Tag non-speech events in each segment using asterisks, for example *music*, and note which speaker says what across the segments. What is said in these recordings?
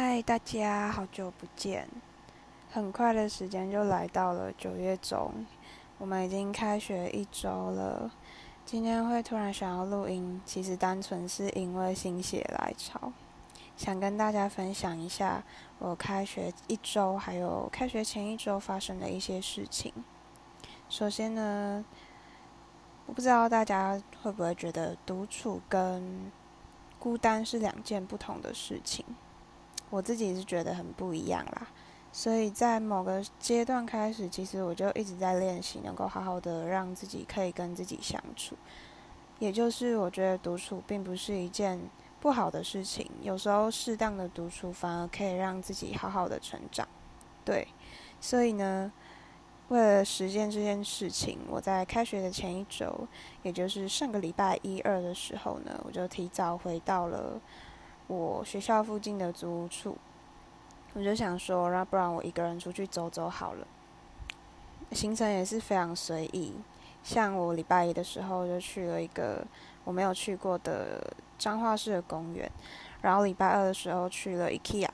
Speaker 1: 嗨，Hi, 大家好久不見！很快的時間就來到了九月中，我們已經開學一周了。今天會突然想要錄音，其實單純是因為心血來潮，想跟大家分享一下我開學一周，還有開學前一周發生的一些事情。首先呢，我不知道大家會不會覺得獨處跟孤單是兩件不同的事情。我自己是覺得很不一樣啦，所以在某個階段開始，其實我就一直在練習，能夠好好的讓自己可以跟自己相處。也就是我覺得獨處並不是一件不好的事情，有時候適當的獨處反而可以讓自己好好的成長。對，所以呢，為了實現這件事情，我在開學的前一周，也就是上個禮拜一二的時候呢，我就提早回到了。我學校附近的租屋處，我就想說，那不然我一個人出去走走好了。行程也是非常隨意，像我禮拜一的時候就去了一個我沒有去過的彰化市的公園，然後禮拜二的時候去了 IKEA。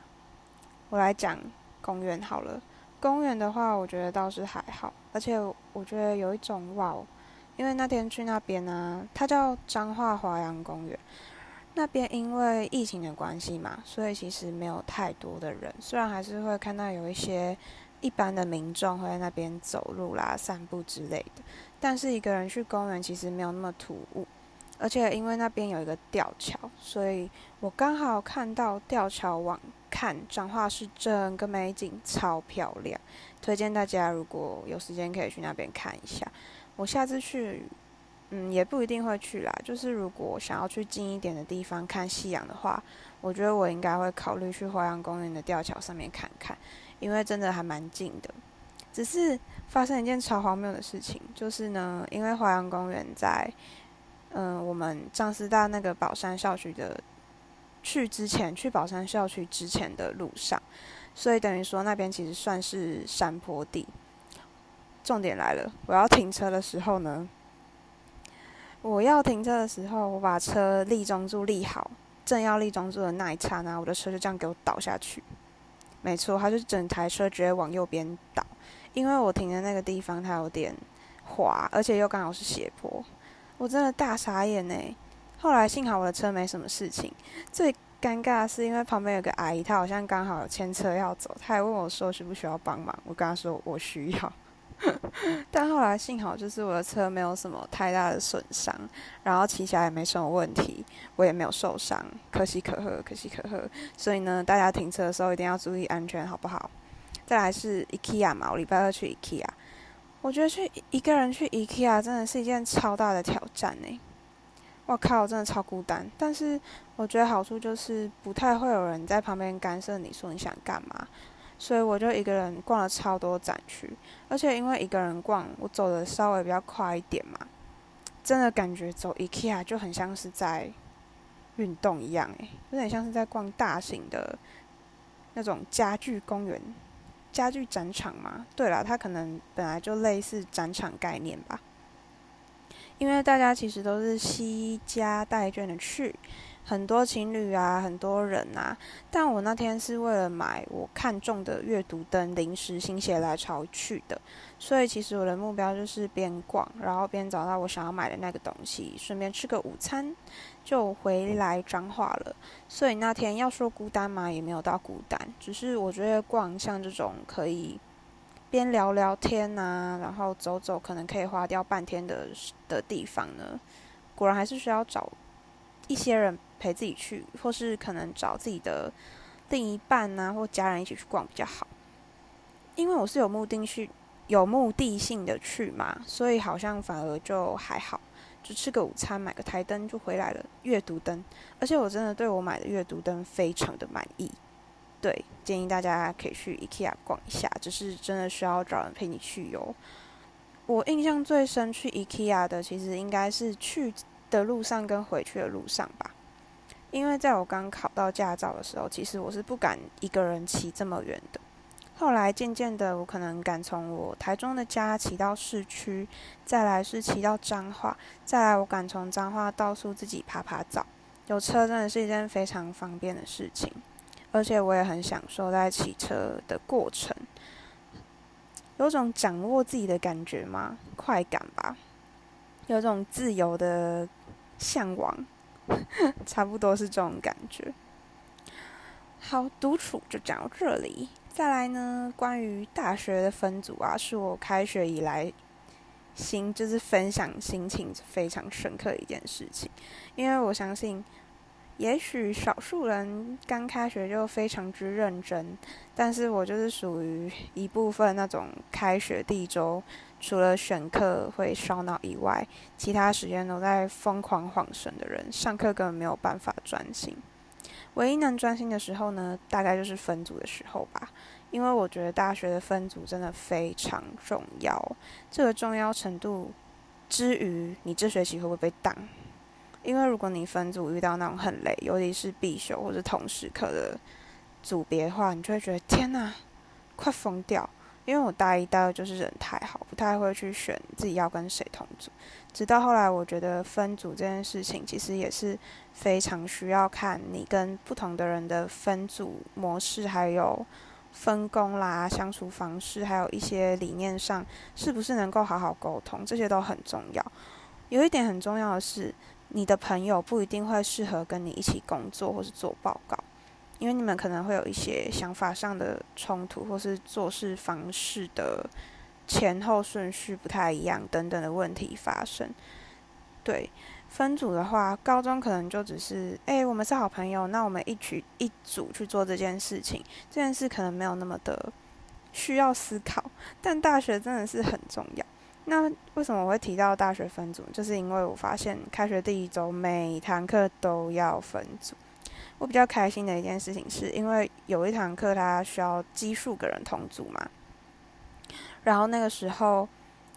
Speaker 1: 我來講公園好了，公園的話，我覺得倒是還好，而且我覺得有一種哇哦，因為那天去那邊啊，它叫彰化華陽公園。那邊因為疫情的關係嘛，所以其實沒有太多的人。雖然還是會看到有一些一般的民眾會在那邊走路啦、散步之類的，但是一個人去公園其實沒有那麼突兀。而且因為那邊有一個吊橋，所以我剛好看到吊橋往看彰化市整個美景超漂亮，推薦大家如果有時間可以去那邊看一下。我下次去。嗯，也不一定會去啦。就是如果想要去近一點的地方看夕陽的話，我覺得我應該會考慮去華陽公園的吊橋上面看看，因為真的還蠻近的。只是發生一件超荒謬的事情，就是呢，因為華陽公園在嗯、呃、我們彰師大那個寶山校區的去之前去寶山校區之前的路上，所以等於說那邊其實算是山坡地。重點來了，我要停車的時候呢，我要停車的時候，我把車立中柱立好，正要立中柱的那一剎那，我的車就這樣給我倒下去。沒錯，他就整台車直接往右邊倒，因為我停的那個地方它有點滑，而且又剛好是斜坡，我真的大傻眼哎。後來幸好我的車沒什麼事情，最尷尬的是因為旁邊有個阿姨，她好像剛好有牽車要走，她還問我說需不需要幫忙，我跟她說我需要。 *laughs* 但後來幸好，就是我的車沒有什麼太大的損傷，然後騎起來也沒什麼問題，我也沒有受傷，可喜可賀，可喜可賀。所以呢，大家停車的時候一定要注意安全，好不好？再來是 IKEA 嘛，我禮拜二去 IKEA，我覺得去一個人去 IKEA 真的是一件超大的挑戰呢、欸。我靠，真的超孤單，但是我覺得好處就是不太會有人在旁邊干涉你說你想幹嘛。所以我就一個人逛了超多展區，而且因為一個人逛，我走得稍微比較快一點嘛，真的感覺走 IKEA 就很像是在運動一樣、欸，誒，有點像是在逛大型的那種家具公園、家具展場嘛。對啦，它可能本來就類似展場概念吧，因為大家其實都是攜家帶眷的去。很多情侶啊，很多人啊，但我那天是為了買我看中的閱讀燈，臨時心血來潮去的，所以其實我的目標就是邊逛，然後邊找到我想要買的那個東西，順便吃個午餐，就回來彰化了。所以那天要說孤單嘛，也沒有到孤單，只是我覺得逛像這種可以邊聊聊天啊，然後走走，可能可以花掉半天的的地方呢，果然還是需要找一些人。陪自己去，或是可能找自己的另一半啊，或家人一起去逛比較好。因為我是有目的去，有目的性的去嘛，所以好像反而就還好，就吃個午餐，買個台燈就回來了。閱讀燈，而且我真的對我買的閱讀燈非常的滿意。對，建議大家可以去 IKEA 逛一下，只是真的需要找人陪你去遊。我印象最深去 IKEA 的，其實應該是去的路上跟回去的路上吧。因為在我剛考到駕照的時候，其實我是不敢一個人騎這麼遠的。後來漸漸的，我可能敢從我台中的家騎到市區，再來是騎到彰化，再來我敢從彰化到處自己趴趴走。有車真的是一件非常方便的事情，而且我也很享受在騎車的過程，有種掌握自己的感覺嗎？快感吧，有種自由的向往。 *laughs* 差不多是這種感覺。好，獨處就講到這裡。再來呢，關於大學的分組啊，是我開學以來心就是分享心情非常深刻的一件事情，因為我相信。也許少數人剛開學就非常之認真，但是我就是屬於一部分那種開學第一周，除了選課會燒腦以外，其他時間都在瘋狂晃神的人，上課根本沒有辦法專心。唯一能專心的時候呢，大概就是分組的時候吧，因為我覺得大學的分組真的非常重要。這個重要程度之於，你這學期會不會被當？因為如果你分組遇到那種很累，尤其是必修或者同時課的組別的話，你就會覺得天哪，快瘋掉。因為我大一、大二就是人太好，不太會去選自己要跟誰同組。直到後來，我覺得分組這件事情其實也是非常需要看你跟不同的人的分組模式，還有分工啦、相處方式，還有一些理念上是不是能夠好好溝通，這些都很重要。有一點很重要的是。你的朋友不一定會適合跟你一起工作或是做報告，因為你們可能會有一些想法上的衝突，或是做事方式的前後順序不太一樣等等的問題發生。對，分組的話，高中可能就只是，哎，我們是好朋友，那我們一起一組去做這件事情，這件事可能沒有那麼的需要思考，但大學真的是很重要。那為什麼我會提到大學分組？就是因為我發現開學第一周每堂課都要分組。我比較開心的一件事情，是因為有一堂課它需要奇數個人同組嘛。然後那個時候，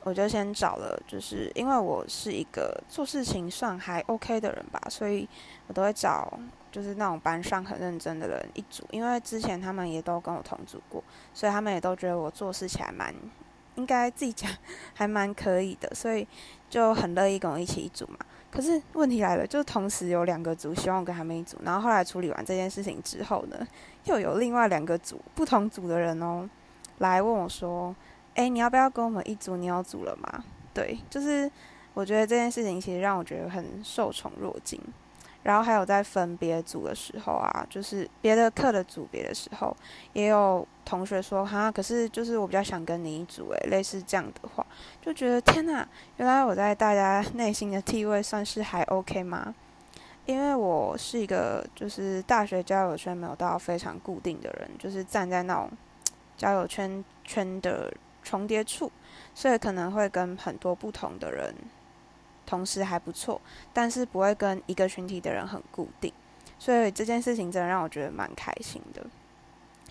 Speaker 1: 我就先找了，就是因為我是一個做事情算還 OK 的人吧，所以我都會找就是那種班上很認真的人一組。因為之前他們也都跟我同組過，所以他們也都覺得我做事起來蠻。應該自己講還蠻可以的，所以就很樂意跟我一起一組嘛。可是問題來了，就是同時有兩個組希望我跟他們一組，然後後來處理完這件事情之後呢，又有另外兩個組不同組的人哦，來問我說：“哎，你要不要跟我們一組？你要組了嗎？”對，就是我覺得這件事情其實讓我覺得很受寵若驚。然後還有在分別組的時候啊，就是別的課的組別的時候，也有同學說哈，可是就是我比較想跟你一組哎、欸，類似這樣的話，就覺得天哪，原來我在大家內心的地位算是還 OK 嗎？因為我是一個就是大學交友圈沒有到非常固定的人，就是站在那種交友圈圈的重疊處，所以可能會跟很多不同的人，同時還不錯，但是不會跟一個群體的人很固定，所以這件事情真的讓我覺得蠻開心的。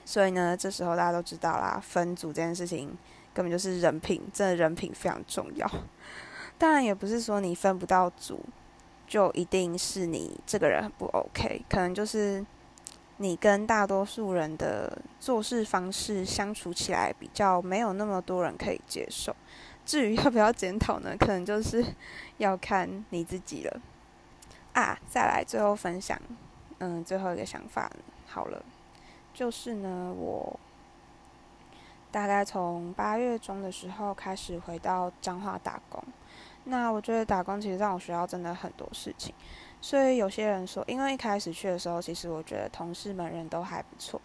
Speaker 1: 所以呢，這時候大家都知道啦，分組這件事情根本就是人品，真的人品非常重要。當然也不是說你分不到組就一定是你這個人很不 OK，可能就是你跟大多數人的做事方式相處起來比較沒有那麼多人可以接受。至於要不要檢討呢？可能就是要看你自己了。啊，再來，最後分享，嗯，最後一個想法好了，就是呢，我大概從八月中的時候開始回到彰化打工。那我覺得打工其實讓我學到真的很多事情，所以有些人說，因為一開始去的時候，其實我覺得同事們人都還不錯，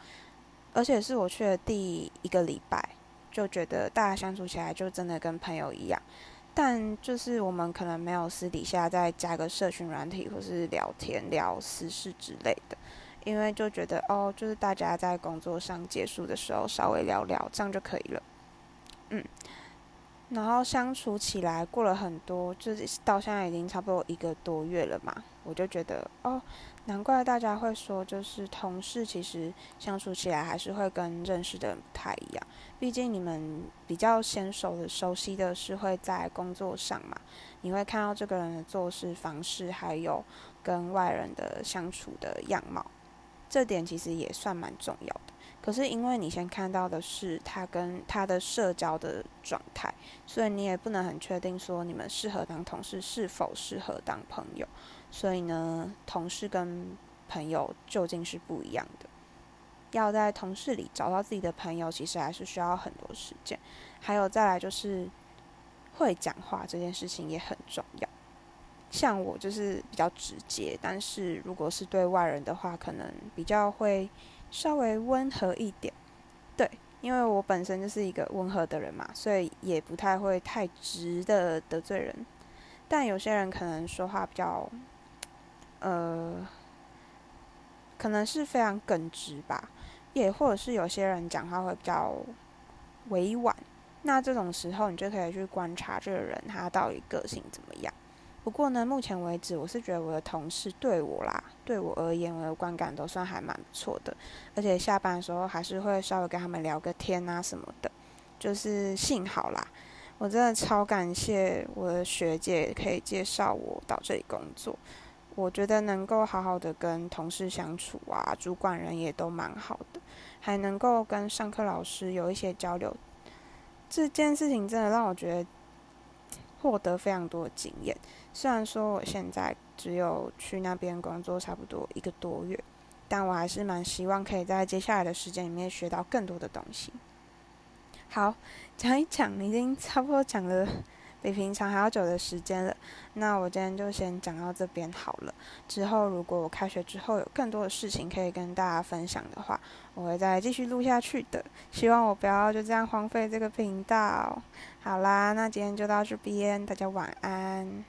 Speaker 1: 而且是我去的第一個禮拜。就覺得大家相處起來就真的跟朋友一樣，但就是我們可能沒有私底下再加個社群軟體或是聊天聊私事之類的，因為就覺得哦，就是大家在工作上結束的時候稍微聊聊，這樣就可以了。嗯，然後相處起來過了很多，就是到現在已經差不多一個多月了嘛，我就覺得哦。難怪大家會說，就是同事其實相處起來還是會跟認識的人不太一樣。畢竟你們比較先熟的熟悉的是會在工作上嘛，你會看到這個人的做事方式，還有跟外人的相處的樣貌，這點其實也算蠻重要的。可是，因為你先看到的是他跟他的社交的狀態，所以你也不能很確定說你們適合當同事，是否適合當朋友。所以呢，同事跟朋友究竟是不一樣的。要在同事裡找到自己的朋友，其實還是需要很多時間。還有再來就是，會講話這件事情也很重要。像我就是比較直接，但是如果是對外人的話，可能比較會。稍微溫和一點，對，因為我本身就是一個溫和的人嘛，所以也不太會太直的得，得罪人。但有些人可能說話比較，呃，可能是非常耿直吧，也或者是有些人講話會比較委婉。那這種時候，你就可以去觀察這個人他到底個性怎麼樣。不過呢，目前為止我是覺得我的同事對我啦，對我而言我的觀感都算還蠻不錯的，而且下班的時候還是會稍微跟他們聊個天啊什麼的，就是幸好啦，我真的超感謝我的學姐可以介紹我到這裡工作，我覺得能夠好好的跟同事相處啊，主管人也都蠻好的，還能夠跟上課老師有一些交流，這件事情真的讓我覺得。獲得非常多的經驗，雖然說我現在只有去那邊工作差不多一個多月，但我還是蠻希望可以在接下來的時間裡面學到更多的東西。好，講一講，你已經差不多講了，比平常還要久的時間了，那我今天就先講到這邊好了。之後如果我開學之後有更多的事情，可以跟大家分享的話，我會再繼續錄下去的。希望我不要就這樣荒廢這個頻道。好啦，那今天就到這邊，大家晚安。